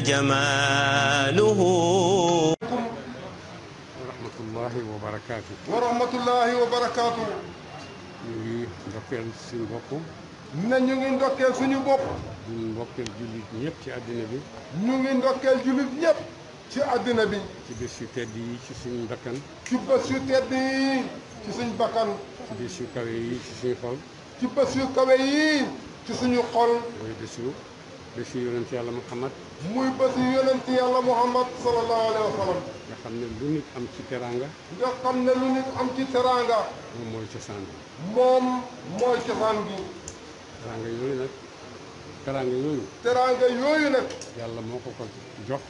جماله ورحمة الله وبركاته ورحمة الله وبركاته ñu ngi ndokkeel suñu bopp na ñu ngi ndokkeel suñu bopp ñu ndokkeel jullit ñëpp ci àddina bi ñu ngi ndokkeel jullit ñëpp ci àddina bi ci bés yu tedd yi ci suñu bakkan ci bés yu tedd yi ci suñu bakkan ci bés yu kawe yi ci suñu xol ba si yonent yàlla Muhammad muy ba si yonent yàlla Muhammad sallallahu alayhi nga xam ne lu nit am ci teraanga nga am ci teraanga moom mooy cosaan bi moom mooy cosaan bi teraanga yooyu nag yàlla moo ko ko jox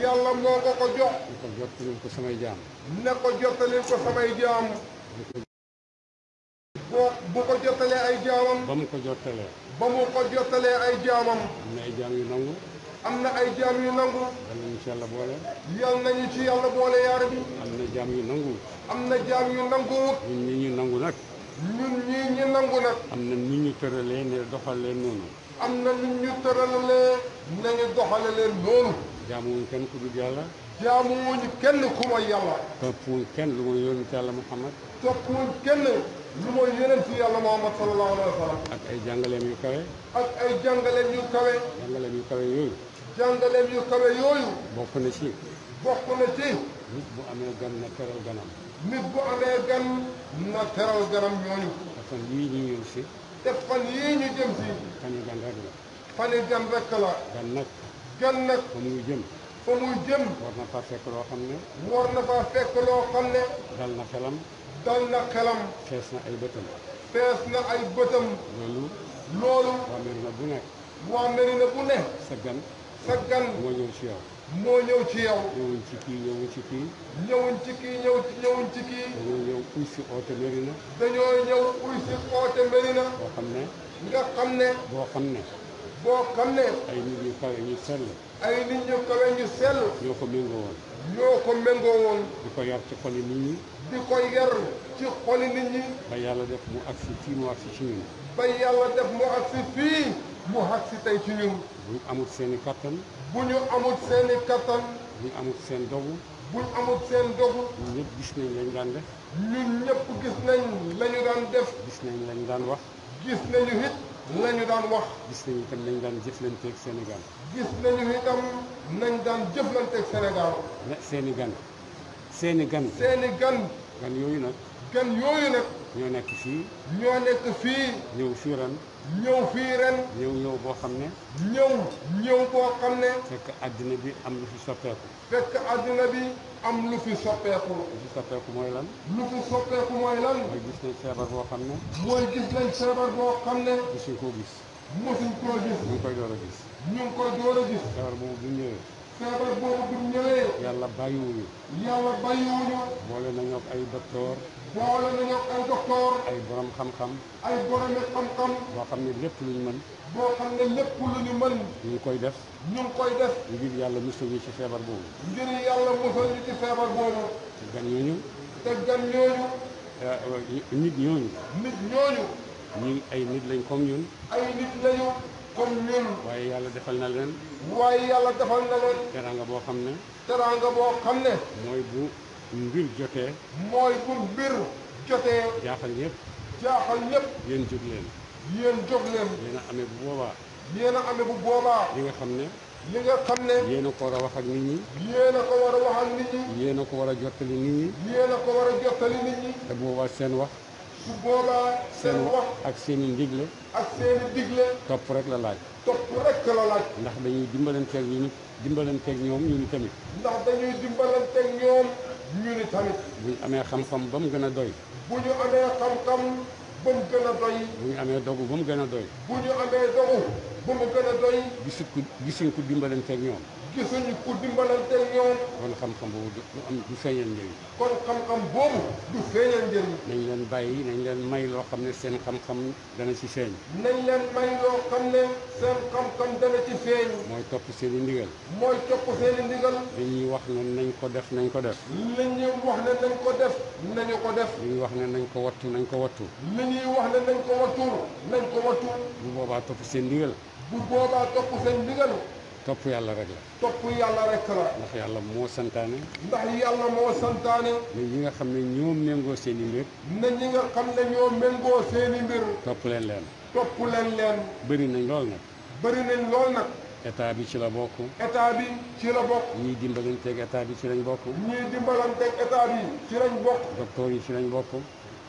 yàlla moo ko jox ne ko jottalil ko samay jaam ne ko jottalil ko samay jaam jaamam. ba mu ko jottalee. ba mu ko jottalee ay jaamam. am na ay jaam yu nangu. am na ay jaam yu nangu. yal nañu ci yàlla boole. yal nañu ci yàlla boole yaara bi. am na jaam yu nangu. am na jaam yu nangu. ñun ñii ñu nangu nag. ñun ñii ñu nangu nag. am na ñu ñu ne doxal le noonu. am na ñu ñu tëralee nañu doxale leen noonu. jaamuwuñ kenn ku dul yàlla. jaamuwuñ kenn ku ma yàlla. toppuwuñ kenn lu ma yónni ci Muhammad. toppuwuñ kenn. lu mooy yeneen ci yàlla Muhammad sallallahu alayhi wa sallam ak ay jàngaleem yu kawe ak ay jàngaleem yu kawe jàngaleem yu kawe yooyu jàngaleem yu kawe yooyu bokk na ci bokk na ci nit bu amee gan na teral ganam nit bu amee gan na teral ganam ñooñu te fan yii ñu ñëw si te fan yii ñu jëm si fan yi gan rek la fan yi gan rek la gan nag gan nag fa muy jëm fa muy jëm war na faa fekk loo xam ne war na faa fekk loo xam ne dal na xelam dal na xelam. fees na ay bëtam. fees na ay bëtam. loolu. loolu. waa Medina bu ne. waa Medina bu ne. sa gan. sa gan moo ñëw ci yow. moo ñëw ci yow. ñëwuñ ci kii ñëwuñ ci kii. ñëwuñ ci kii ñëw ñëw uy si oote Medina. dañoo ñëw uy si oote Medina. boo xam ne. nga xam ne. boo xam ne. boo xam ne. ay nit ñu kawe ñu sell. ay nit ñu kawe ñu sell. ñoo ko méngoo woon. ñoo ko méngoo woon. di ko yar ci xoli nit ñi. di ko yar ci xoli nit ñi. ba yàlla def mu agsi fii mu agsi ba yàlla def mu agsi fii mu agsi tey ci ñun. bu ñu amul seen i kattan. bu ñu amul seen i kattan. bu ñu amul seen dogu. bu ñu amul seen dogu. ñun ñëpp gis nañ lañ daan def. ñun ñëpp gis nañ la ñu daan def. gis nañ lañ daan wax. gis nañu it. nañu daan wax. gis nañu itam nañ daan jëflanteeg Sénégal. gis nañu itam nañ daan jëflanteeg Sénégal. ne seeni gan. seeni gan. seeni gan. gan yooyu nag. gan yooyu nag. ñoo nekk fii. ñoo nekk fii. ñëw fii ren. ñëw fii ren. ñëw ñëw boo xam ne. ñëw ñëw boo xam ne. fekk àddina bi am lu fi soppeeku. fekk àddina bi. am lu fi soppeeku. lu fi soppeeku mooy lan. lu fi soppeeku mooy lan. mooy gis nañ feebar boo xam ne. mooy gis nañ feebar boo xam ne. mosuñ koo gis. mosuñ koo gis. ñu ngi koy door a gis. ñu ngi koy door a gis. feebar boobu bu ñëwee. feebar boobu bu ñëwee. yàlla bàyyiwuñu. yàlla boole nañu ay docteur. boole nañu ay docteur. ay borom xam-xam. ay borom xam-xam. boo xam ne lépp lu ñu mën. boo xam ne lépp lu ñu mën. ñu ngi koy def. ñu ngi koy def. yàlla musal ñu ci feebar boobu. ngir yàlla ci feebar boobu. te ñooñu. te ñooñu. Uh, nit ñooñu. nit ñooñu. ñi ay nit lañ comme ñun. ay nit lañu. comme ñun. waaye yàlla defal na leen. waaye yàlla defal na leen. teraanga boo xam ne. teraanga boo xam ne. mooy bu mbir jotee. mooy bu mbir jotee. jaaxal ñëpp. jaaxal ñëpp. yéen jóg leen. yéen jóg leen. yéen a amee bu boobaa. yéen a amee bu boobaa. li nga xam ne. li nga xam ne. yéen a ko war a wax ak nit ñi. yéen a ko war a wax ak nit ñi. yéen a ko war a jottali nit ñi. yéen a ko war a jottali nit ñi. te boobaa seen wax. su boobaa seen wax ak seen ndigle ak seen ndigle topp rek la laaj topp rek la laaj ndax dañuy dimbalanteeg ñu ni ñoom ñu ni tamit ndax dañuy dimbalanteeg ñoom ñu ni tamit bu amee xam-xam ba mu gën a doy bu ñu amee xam-xam ba mu gën a doy bu ñu amee dogu ba mu gën a doy bu ñu amee dogu ba mu gën a doy gisin ku dimbalanteeg ñoom gisuñu ku dimbalante ñoom. kon xam-xam boobu du am du feeñal njëriñ. kon leen bàyyi nañ leen may loo xam ne seen xam-xam dana ci feeñ. nañ leen may loo xam ne seen xam-xam dana ci feeñ. mooy topp seen i ndigal. mooy topp seen i ndigal. wax ne nañ ko def nañ ko def. li ñuy wax ne nañ ko def nañu ko def. li wax ne nañ ko wattu nañ ko wattu. li ñuy wax ne nañ ko wattu nañ ko wattu. bu boobaa topp seen ndigal. bu boobaa topp seen ndigal. topp yàlla rek la. topp yàlla rek la. ndax yàlla moo santaane. ndax yàlla moo santaane. na ñi nga xam ne ñoo méngoo seen i mbir. na ñi nga xam ne ñoo méngoo seen i mbir. topp leen leen. topp leen leen. bëri nañ lool nag. bëri nañ lool nag. état bi ci la bokk. état bi ci la bokk. ñii dimbalanteeg état bi ci lañ bokk. ñii dimbalanteeg état bi ci lañ bokk. docteur yi ci lañ bokk.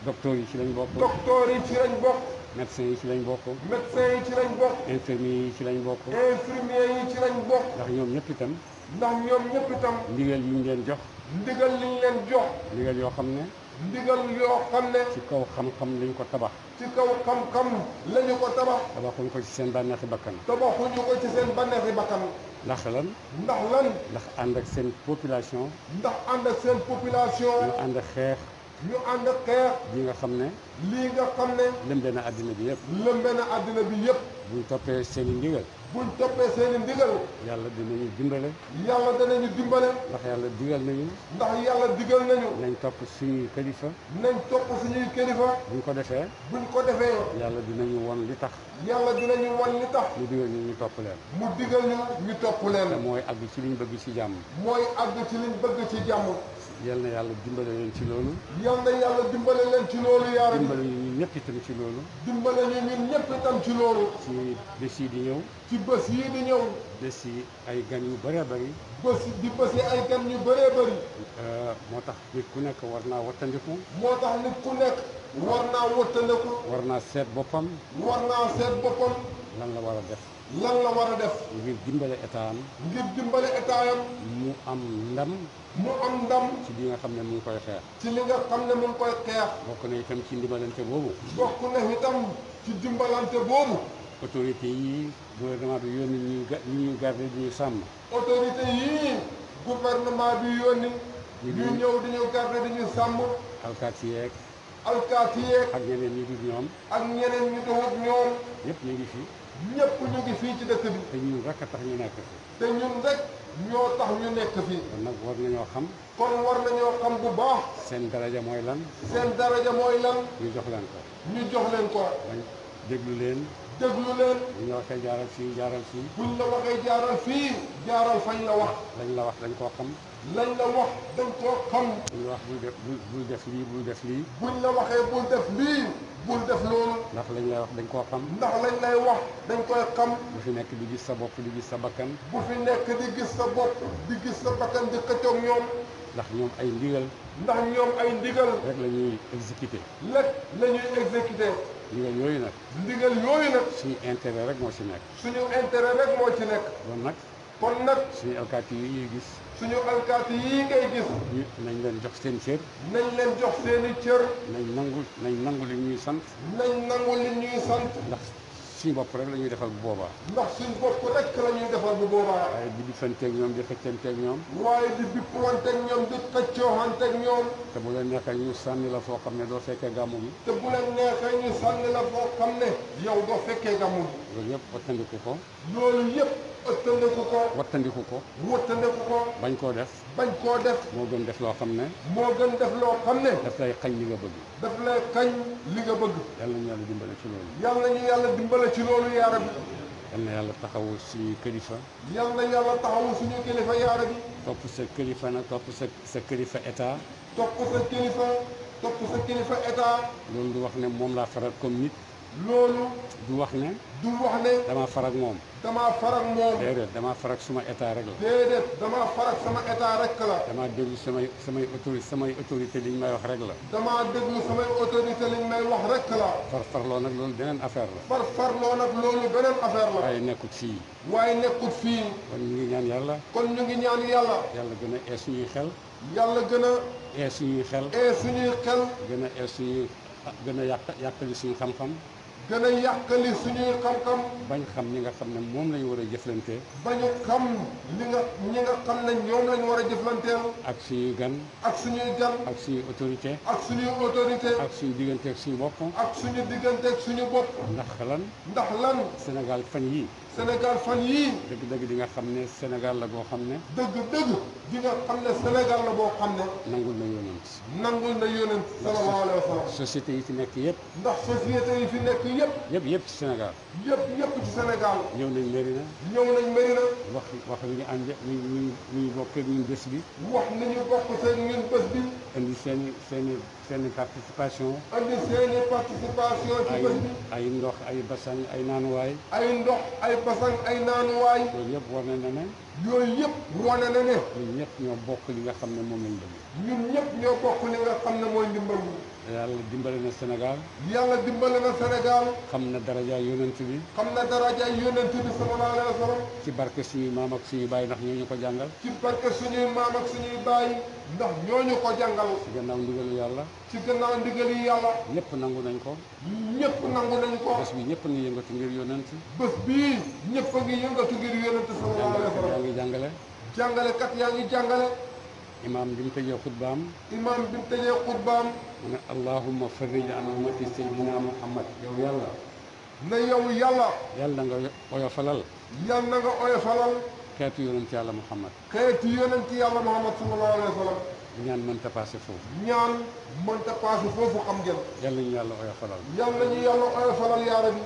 docteur yi ci lañ bokk. docteur yi ci lañ bokk. médecin ci lañ bokk. médecin yi ci lañ bokk. infirmier yi ci lañ bokk. infirmier yi ci lañ bokk. ndax ñoom ñëpp itam. ndax ñoom ñëpp itam. ndigal yi ñu leen jox. ndigal li ñu leen jox. ndigal yoo xam ne. ndigal yoo xam ne. ci kaw xam-xam lañ ko tabax. ci kaw xam-xam lañu ko tabax. tabaxuñ ko ci seen bànneexi bakkan. tabaxuñu ko ci seen bànneexi bakkan. ndax lan. ndax lan. ndax ànd ak seen population. ndax ànd ak seen population. ñu ànd xeex. ñu ànd ak xeex. lii nga xam ne. lii nga xam ne. lëmbe na àddina bi yëpp. lëmbe na àddina bi yëpp. buñ toppee seen ndigal. buñ toppee seen i ndigal. yàlla dinañu dimbale. yàlla danañu dimbale. ndax yàlla digal nañu. ndax yàlla digal nañu. nañ topp suñuy kilifa. nañ topp suñuy kilifa. buñ ko defee. buñ ko defee. yàlla dinañu won li tax. yàlla dinañu won li tax. mu digal ñu ñu topp leen. mu digal ñu ñu topp leen. te mooy àgg ci liñ bëgg ci jàmm. mooy àgg ci liñ bëgg ci jàmm. yal na yàlla dimbale leen ci loolu. yal na yàlla dimbale leen ci loolu yaara bi. dimbale ñu ñëpp itam ci loolu. dimbale ñu ñun ñëpp itam ci loolu. ci bés yi di ñëw. ci bés yi di ñëw. bés yi ay gan yu bëree bëri. bés di bés yi ay gan yu bëree bëri. Euh, moo tax nit ku nekk war naa wattandiku. moo tax nit ku nekk. war naa wattandiku. war naa seet boppam. war naa seet boppam. lan la war a def. lan la war a def. ngir dimbale état ngir dimbale état am. mu am ndam. mu am ndam. ci li nga xam ne mu ngi koy xeex. ci li nga xam ne mu ngi koy xeex. bokk na itam ci ndimbalante boobu. bokk na itam ci dimbalante boobu. autorité yii gouvernement bi yónni ñuy ga ñuy garder di ñu sàmm. autorité yii gouvernement bi yónni. ñuy ñëw di ñu garder di ñu sàmm. alkaati yeeg. ak ñeneen ñi dul ñoom. ak ñeneen ñi dul ñoom. ñëpp ñu ngi fi. ñëpp ñu ngi fii ci dëkk bi. te ñun rek a tax ñu nekk fi. te ñun rek ñoo tax ñu nekk fii. kon nag war nañoo xam. kon war nañoo xam bu baax. seen daraja mooy lan. seen daraja mooy lan. ñu jox leen ko. ñu jox leen ko. déglu leen. déglu leen. bu ñu la waxee jaaral fii jaaral fii. buñ la waxee jaaral fii. jaaral fañ la wax. lañ la wax dañ koo xam. lan la wax dañ koo xam. buñ la wax bul def bul def lii bul def lii. buñ la waxee bul def lii bul def loolu. ndax lañ lay wax dañ koo xam. ndax lañ lay wax dañ koy xam. bu fi nekk di gis sa bopp di gis sa bakkan. bu fi nekk di gis sa bopp di gis sa bakkan di xëccoog ñoom. ndax ñoom ay ndigal. ndax ñoom ay ndigal. rek la ñuy exécuté. rek la ñuy exécuté. ndigal yooyu nag. ndigal yooyu nag. suñu intérêt rek moo ci nekk. suñu intérêt rek moo ci nekk. kon nag. kon nag. suñu alkaati yi ñuy gis. suñu alkaati yii ngay gis. nañ leen jox seen cër. nañ leen jox seen cër. nañ nangu nañ nangu li ñuy sant. nañ nangu li ñuy sant. ndax suñu bopp rek lañuy defar defal bu boobaa. ndax suñu bopp rek la ñuy bu boobaa. waaye di bippanteeg ñoom di xëccanteeg ñoom. waaye di bippanteeg ñoom di xëccooxanteeg ñoom. te bu leen neexee ñu sànni la foo xam ne doo fekkee gàmmu gi. te bu leen neexee ñu sànni la foo xam ne. yow doo fekkee gàmmu gi. loolu yëpp wattandiku ko. loolu ëttandiku ko wattandiku ko wattandiku ko bañ koo def bañ koo def moo gën def loo xam ne moo gën def loo xam ne daf lay xañ li nga bëgg daf lay xañ li nga bëgg yàlla ñu yàlla dimbale ci loolu yàlla ñu yàlla ci loolu yaa rabbi na yàlla taxawu suñuy kilifa yal na yàlla taxawu suñuy kilifa yaa rabbi topp sa kilifa nag topp sa kilifa état topp sa kilifa topp sa kilifa état loolu du wax ne moom laa faral comme nit loolu. du wax ne. du wax ne. damaa farak moom. damaa farak moom. déedéet damaa farak suma état rek la. déedéet damaa farak sama état rek la. damaa déglu samay samay autorité samay autorité liñ may wax rek la. damaa déglu samay autorité liñ may wax rek la. far farloo nag loolu beneen affaire la. far farloo nag loolu beneen affaire la. waaye nekkut fii. waaye nekkut fii. kon ñu ngi ñaan yàlla. kon ñu ngi ñaan yàlla. yàlla gën a ee suñuy xel. yàlla gën a. ee suñuy xel. ee suñuy xel. gën a ee suñuy gën a yàq yàqali suñu xam-xam dana yàqali suñuy xam-xam bañ xam ñi nga xam ne moom lañu war a jëflante bañu xam li nga ñi nga xam ne ñoom lañu war a jëflanteel ak suñuy gan ak suñuy gan ak suñuy autorité ak suñuy autorité ak suñu digganteeg suñu bopp ak suñu digganteeg suñu bopp ndax lan ndax lan Sénégal fan yii Sénégal fan yii. dëgg-dëgg di nga xam ne Sénégal la boo xam ne. dëgg-dëgg di nga xam ne Sénégal la boo xam ne. nangul na yónent. nangul na yónent. sallallahu alayhi wa sallam. société yi fi nekk yëpp. ndax société yi fi nekk yëpp. yëpp yëpp ci Sénégal. yëpp yëpp ci Sénégal. ñëw nañ Mérina. ñëw nañ Mérina. wax wax nañu ànd ñu ñu ñu bokk ak ñun bés bi. wax nañu bokk seen ñun bés bi. indi seen i seen i. seen participation. ak di seen participation. ci bés bi ay ndox ay basang ay naanuwaay. ay ndox ay basang ay naanuwaay. yooyu yëpp wane na ne. yooyu yëpp wane na ne. ñun ñëpp ñoo bokk li nga xam ne moom lañ bëgg. ñun ñëpp ñoo bokk li nga xam ne mooy ndimbalu. yàlla dimbale na Sénégal. yàlla dimbale na Sénégal. xam na daraja yonent bi. xam na daraja yonent bi sallallahu alayhi wa sallam. ci barke suñuy maam ak suñuy baay ndax ñoo ñu ko jàngal. ci barke suñuy maam ak suñuy baay. ndax ñoo ñu ko jàngal. ci gannaaw ndigalu yàlla. ci gannaaw ndigalu yàlla. ñëpp nangu nañ ko. ñëpp nangu nañ ko. bés bi ñëpp ngi yëngatu ngir yonent. bés bii ñëpp a ngi yëngatu ngir yonent sallallahu alayhi wa sallam. jàngalekat yaa ngi jàngale. jàngalekat yaa ngi jàngale. imaam bi mu tëjee xutbaam imaam bi mu tëjee xutbaam mu ne allahumma farrij an ummati sayyidina muhammad yow yàlla ne yow yàlla yàlla nga oyofalal yàlla nga oyofalal xeetu yonent yàlla muhammad xeetu yonent yàlla muhammad sallallahu alayhi wa sallam ñaan mënta paase foofu ñaan mënta paase foofu xam ngeen yàlla ñu yàlla oyofalal yàlla ñu yàlla oyofalal yaa rabbi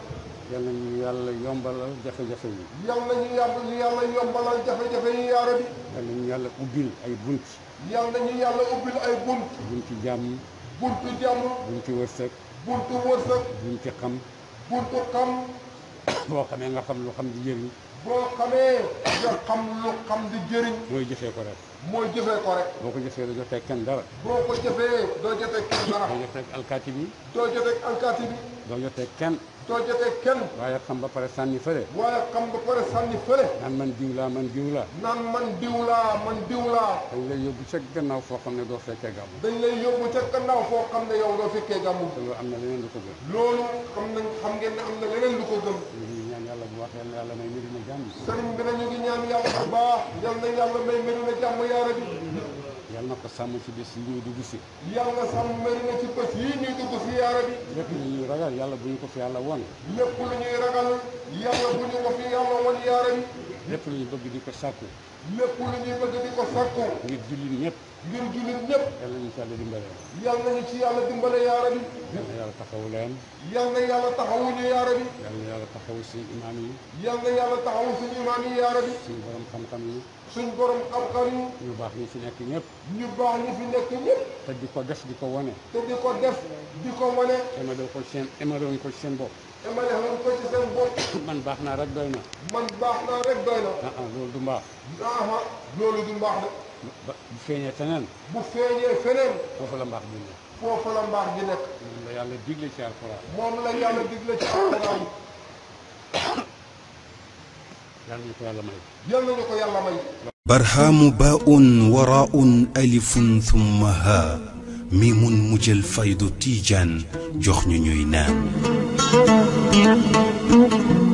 yàlla ñu yàlla yombalal jafe-jafe yi yàlla ñu yàlla yombalal jafe-jafe yi yaa rabbi yàlla ñu yàlla ubbil ay bunt yal nañu yàlla ubbil ay bunt buntu jàmm buntu jàmm buntu wërsëg buntu wërsëg buntu xam buntu xam boo xamee nga xam lu xam di jëriñ boo xamee nga xam lu xam di jëriñ mooy jëfee ko rek mooy jëfee ko rek. boo ko jëfee doo jotee kenn dara. boo ko jëfee doo jotee kenn dara. doo jotee alkaati bi. doo jotee alkaati bi. doo jotee kenn. doo jotee kenn. waaye xam ba pare sànni fële. waaye xam ba pare sànni fële. naan man diw laa man diw laa. naan man diw laa man diw laa. dañ lay yóbbu ca gannaaw foo xam ne doo fekkee gàmmu. dañ lay yóbbu ca gannaaw foo xam ne yow doo fekkee gàmmu. loolu am na leneen lu ko gën. loolu xam nañ xam ngeen ne am na leneen lu ko gën. Mm-hmm. wax yal na yàlla may mbir mi jàmm. sëriñ bi nag ñu ñaan yàlla bu baax yal yàlla may mbir jàmm yaara bi. yal na ko sàmm yaara bi. lépp lu ragal yàlla bu ñu ko fi yàlla won. lépp yaara bi. lépp lu bëgg di ko sàkku. lépp lu bëgg di ko sàkku. ngir jullit ñëpp. ngir jullit ñëpp. yàlla ñu ci yàlla dimbale. yàlla ñu ci yàlla dimbale yaa rabi. yàlla yàlla taxawu leen. yàlla yàlla taxawu ñu yaa rabi. yàlla yàlla taxawu suñu imaam yi. yàlla yàlla taxawu suñu imaam yi yaa rabi. suñu borom xam-xam yi. suñu borom xam-xam yi. ñu baax ñi fi nekk ñëpp. ñu baax ñi fi nekk ñëpp. te di ko def di ko wane. te di ko def di ko wane. emaloo ko seen emaloo ko seen bopp. emale xam ko ci seen bopp. man baax naa rek doy na. man baax naa rek doy na. ah ah loolu du mbaax. ah ah loolu du mbaax de برهام باء وراء ألف ثم ها ميم مجل فايد تيجان جوخ نيو